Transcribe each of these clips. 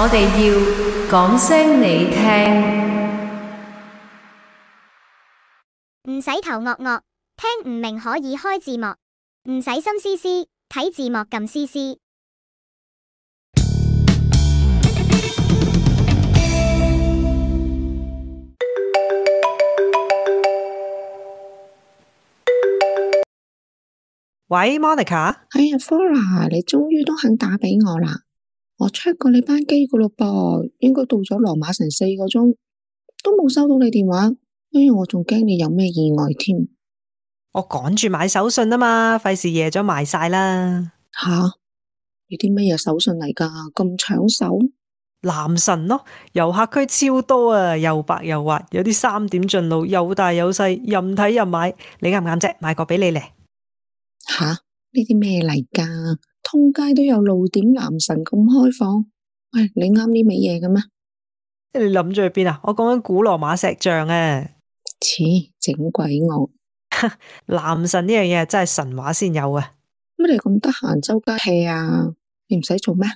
我哋要講聲你聽，唔使頭惡惡，聽唔明可以開字幕，唔使心思思，睇字幕撳 CC。喂，Monica，哎呀，Flora，你終於都肯打畀我啦。我 check 過你班機個咯噃，應該到咗羅馬成四個鐘，都冇收到你電話，所以我仲驚你有咩意外添。我趕住買手信啊嘛，費事夜咗賣晒啦。吓？啲咩嘢手信嚟噶？咁搶手？男神咯，遊客區超多啊，又白又滑，有啲三點盡露，又大又細，任睇任買。你啱唔啱啫？買個俾你嚟！吓？呢啲咩嚟噶？通街都有露點男神咁開放，喂，你啱呢味嘢嘅咩？你諗住去邊啊？我講緊古羅馬石像啊！切，整鬼我！ 男神呢樣嘢真係神話先有啊！乜你咁得閒周街睇啊？你唔使做咩？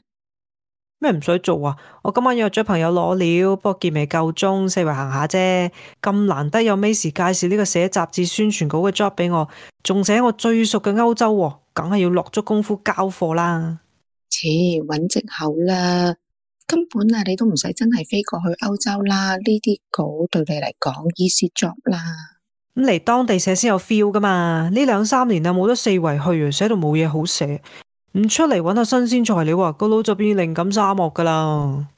咩唔使做啊？我今晚又約咗朋友攞料，不過見未夠鐘，四圍行下啫。咁難得有咩事介紹呢個寫雜誌宣傳稿嘅 job 俾我，仲寫我最熟嘅歐洲喎，梗係要落足功夫交貨啦。切，揾藉口啦，根本啊你都唔使真係飛過去歐洲啦。呢啲稿對你嚟講 easy job 啦。咁嚟當地寫先有 feel 噶嘛？呢兩三年啊冇得四圍去啊，寫到冇嘢好寫。唔出嚟揾下新鮮材料啊，個腦就變靈感沙漠噶啦！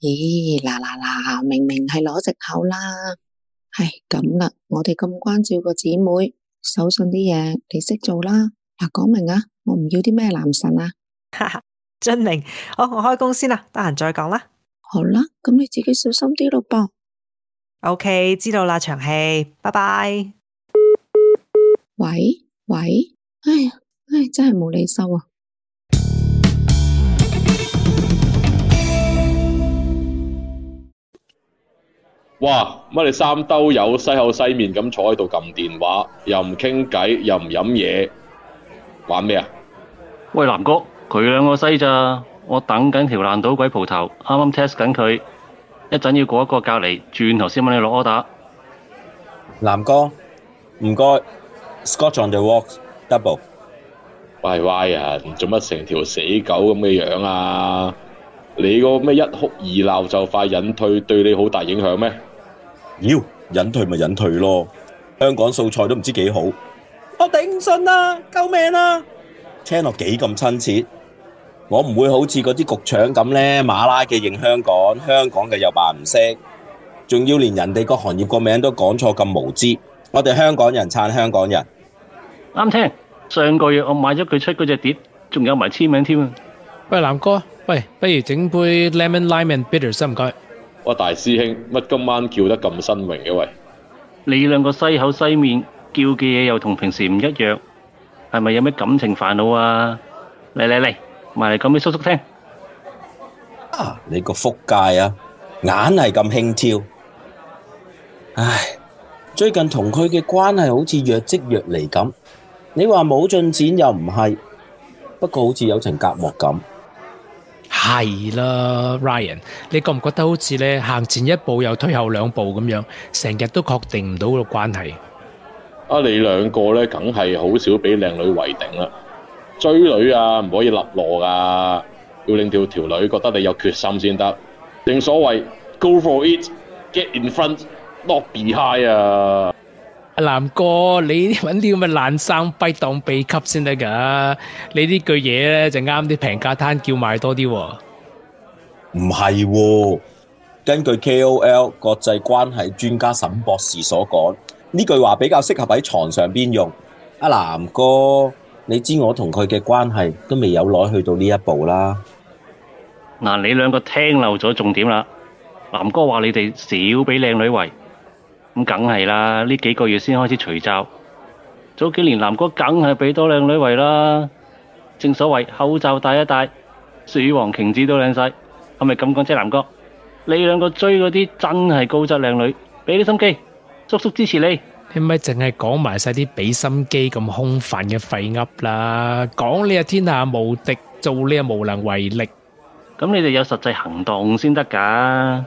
咦、欸，嗱嗱嗱，明明係攞藉口啦。唉，咁啦，我哋咁關照個姊妹，手信啲嘢你識做啦。嗱、啊，講明啊，我唔要啲咩男神啊。哈哈，遵命。好，我開工先啦，得閒再講啦。好啦，咁你自己小心啲咯，噃 OK，知道啦，長氣，拜拜。喂喂，唉，哎、呀，哎呀，真係冇理收啊！哇！乜你三兜友西口西面咁坐喺度撳電話，又唔傾偈，又唔飲嘢，玩咩啊？喂，南哥，佢兩個西咋？我等緊條爛賭鬼蒲頭，啱啱 test 緊佢，一陣要過一個隔離轉頭先問你攞 order。南哥，唔該，Scotch on the rocks double 喂。喂喂啊！做乜成條死狗咁嘅樣，樣啊？你個咩一哭二鬧就快引退，對你好大影響咩？妖，隱退咪隱退咯！香港素菜都唔知幾好，我頂唔順啦！救命啊！聽落幾咁親切，我唔會好似嗰啲局長咁呢，馬拉嘅認香港，香港嘅又扮唔識，仲要連人哋個行業個名都講錯，咁無知！我哋香港人撐香港人，啱聽。上個月我買咗佢出嗰隻碟，仲有埋簽名添啊！喂，藍哥，喂，不如整杯 Lemon Lime and Bitters，唔該。哇！大師兄，乜今晚叫得咁新穎嘅喂？你兩個西口西面叫嘅嘢，又同平時唔一樣，係咪有咩感情煩惱啊？嚟嚟嚟，埋嚟講畀叔叔聽。啊！你個福界啊，硬係咁輕佻，唉，最近同佢嘅關係好似若即若離咁，你話冇進展又唔係，不過好似有層隔膜咁。係啦，Ryan，你覺唔覺得好似咧行前一步又退後兩步咁樣，成日都確定唔到個關係。啊，你兩個咧，梗係好少俾靚女圍定啦，追女啊唔可以立落噶，要令條條女覺得你有決心先得。正所謂，Go for it，Get in front，Not behind 啊！南哥，你揾啲咁嘅爛衫跛當秘笈先得噶。你呢句嘢咧就啱啲平價攤叫賣多啲。唔係、哦，根據 KOL 國際關係專家沈博士所講，呢句話比較適合喺床上邊用。阿、啊、南哥，你知我同佢嘅關係都未有攞去到呢一步啦。嗱，你兩個聽漏咗重點啦。南哥話你哋少俾靚女圍。梗係啦，呢幾個月先開始除罩，早幾年男哥梗係俾多靚女圍啦。正所謂口罩戴一戴，鼠王瓊子都靚晒，係咪咁講啫？男哥，你兩個追嗰啲真係高質靚女，俾啲心機，叔叔支持你。你咪淨係講埋晒啲俾心機咁空泛嘅廢噏啦，講你呀天下無敵，做你又無能為力，咁你哋有實際行動先得噶。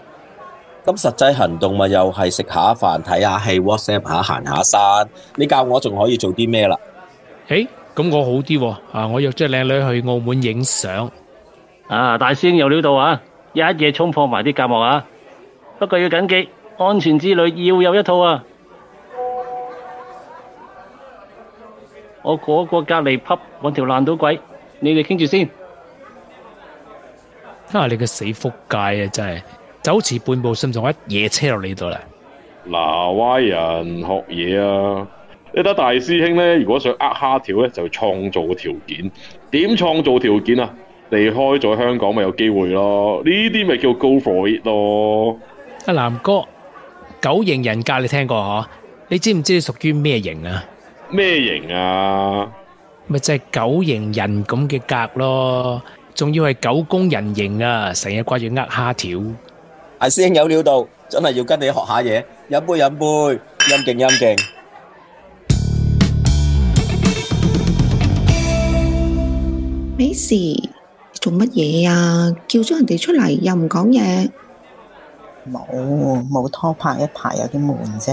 咁實際行動咪又係食下飯、睇下戲、WhatsApp 下、行下山。你教我仲可以做啲咩啦？誒，咁我好啲喎。啊，我約隻靚女去澳門影相。啊，大師兄有料到啊，一夜衝破埋啲隔膜啊！不過要謹記，安全之旅要有一套啊！我嗰個隔離匹搵條爛到鬼，你哋傾住先。啊，你個死撲街啊，真係！走遲半步，信唔信我一嘢車落你度啦。嗱、啊，歪人學嘢啊！一得大師兄咧，如果想呃蝦條咧，就創造個條件。點創造條件啊？離開咗香港咪有機會咯？呢啲咪叫 go for it 咯？阿南、啊、哥，九型人格你聽過嗬？你知唔知你屬於咩型啊？咩型啊？咪就係九型人咁嘅格咯，仲要係九宮人形啊！成日掛住呃蝦條。大師兄有料到，真係要跟你學下嘢。飲杯飲杯，飲勝飲勝。Macy，做乜嘢啊？叫咗人哋出嚟又唔講嘢？冇冇拖拍一排有啲悶啫。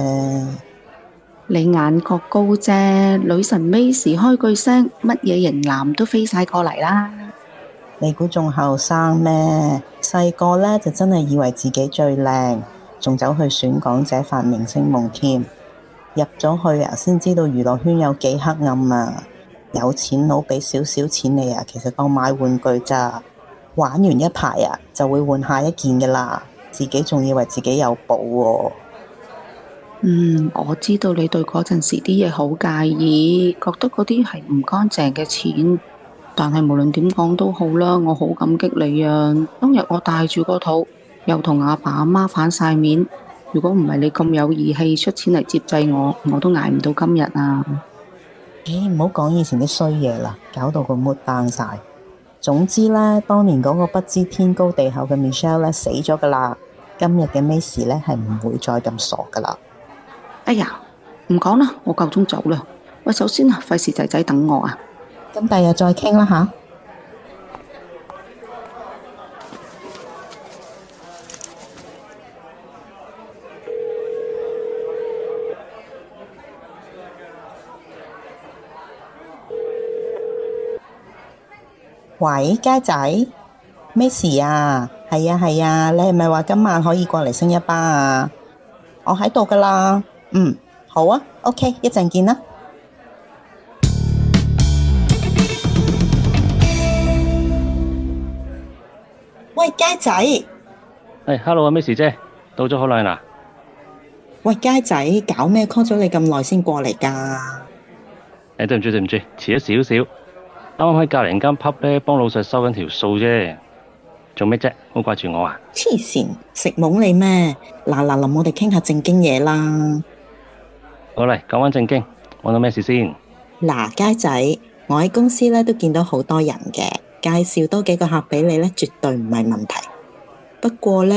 你眼角高啫，女神 Macy 開句聲，乜嘢型男都飛晒過嚟啦。你估仲後生咩？細個咧就真係以為自己最靚，仲走去選港姐發明星夢添。入咗去啊，先知道娛樂圈有幾黑暗啊！有錢佬畀少少錢你啊，其實當買玩具咋？玩完一排啊，就會換下一件噶啦。自己仲以為自己有寶。嗯，我知道你對嗰陣時啲嘢好介意，覺得嗰啲係唔乾淨嘅錢。但係無論點講都好啦，我好感激你啊！當日我帶住個肚，又同阿爸阿媽反晒面。如果唔係你咁有義氣，出錢嚟接濟我，我都挨唔到今日啊！咦，唔好講以前啲衰嘢啦，搞到個 mood 崩晒。總之咧，當年嗰個不知天高地厚嘅 Michelle 咧，死咗噶啦。今日嘅 Miss 咧，係唔會再咁傻噶啦。哎呀，唔講啦，我夠鐘走啦。喂，首先啊，費事仔仔等我啊！咁第日再傾啦吓。喂，佳仔，咩事啊？係啊係啊，你係咪話今晚可以過嚟星一吧啊？我喺度㗎喇。嗯，好啊，OK，一陣見啦。喂，佳仔，hello 啊，咩事啫？到咗好耐啦。喂，佳仔，搞咩 call 咗你咁耐先過嚟噶？誒，對唔住，對唔住，遲咗少少。啱啱喺隔籬間 pub 咧幫老細收緊條數啫。做咩啫？好掛住我啊？黐線，食懵你咩？嗱嗱臨，我哋傾下正經嘢啦。好啦，講翻正經，講到咩事先？嗱，佳仔，我喺公司咧都見到好多人嘅。介紹多幾個客俾你呢，絕對唔係問題。不過呢，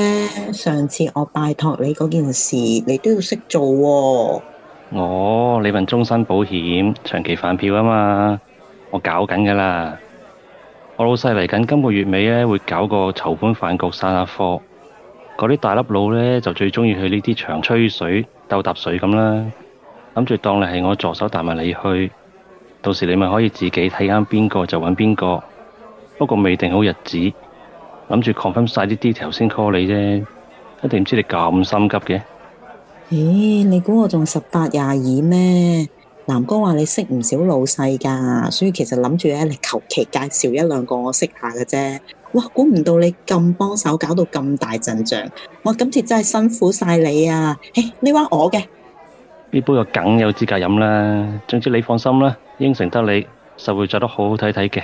上次我拜託你嗰件事，你都要識做喎、哦。我、哦、你份終身保險長期飯票啊嘛，我搞緊噶啦。我老細嚟緊今個月尾呢，會搞個籌款飯局散下貨。嗰啲大粒佬呢，就最鍾意去呢啲場吹水、鬥搭水咁啦。諗住當你係我助手，帶埋你去，到時你咪可以自己睇啱邊個就揾邊個。不過未定好日子，諗住 confirm 晒啲 detail 先 call 你啫。一定唔知你咁心急嘅。咦、欸？你估我仲十八廿二咩？南哥話你識唔少老細噶，所以其實諗住咧，你求其介紹一兩個我識下嘅啫。哇！估唔到你咁幫手，搞到咁大陣仗。我今次真係辛苦晒你啊！誒、欸，你話我嘅呢杯我梗有資格飲啦。總之你放心啦，應承得你，就會着得好好睇睇嘅。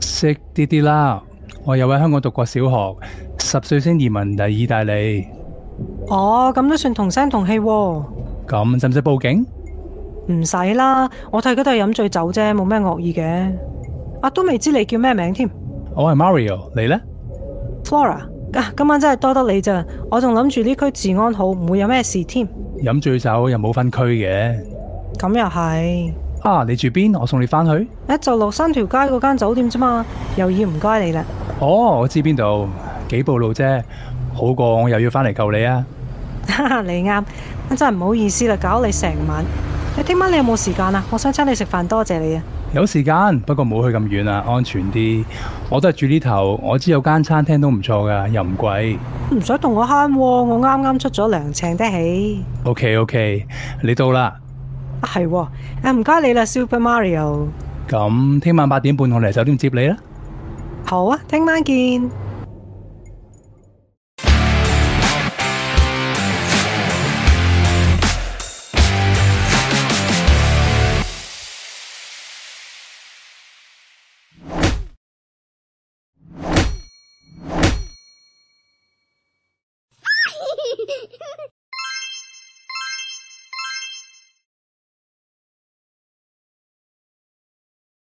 識啲啲啦，我又喺香港讀過小學，十歲先移民嚟意大利。哦，咁都算同聲同氣啊。咁使唔使報警？唔使啦，我睇佢都係飲醉酒啫，冇咩惡意嘅。啊，都未知你叫咩名添？我係 Mario，你呢？Flora 啊，今晚真係多得你咋，我仲諗住呢區治安好，唔會有咩事添。飲醉酒又冇分區嘅。咁又係。啊！你住邊？我送你返去。誒、啊，就落三條街嗰間酒店啫嘛，又要唔該你啦。哦，我知邊度，幾步路啫，好過我又要返嚟救你啊！哈 你啱，真係唔好意思啦，搞你成晚。你聽晚你有冇時間啊？我想請你食飯，多謝你啊。有時間，不過唔好去咁遠啊，安全啲。我都係住呢頭，我知有間餐廳都唔錯噶，又唔貴。唔使同我慳、啊，我啱啱出咗糧，請得起。OK，OK，okay, okay, 你到啦。係，誒，唔該你啦，Super Mario。咁聽、嗯、晚八點半我嚟酒店接你啦。好啊，聽晚見。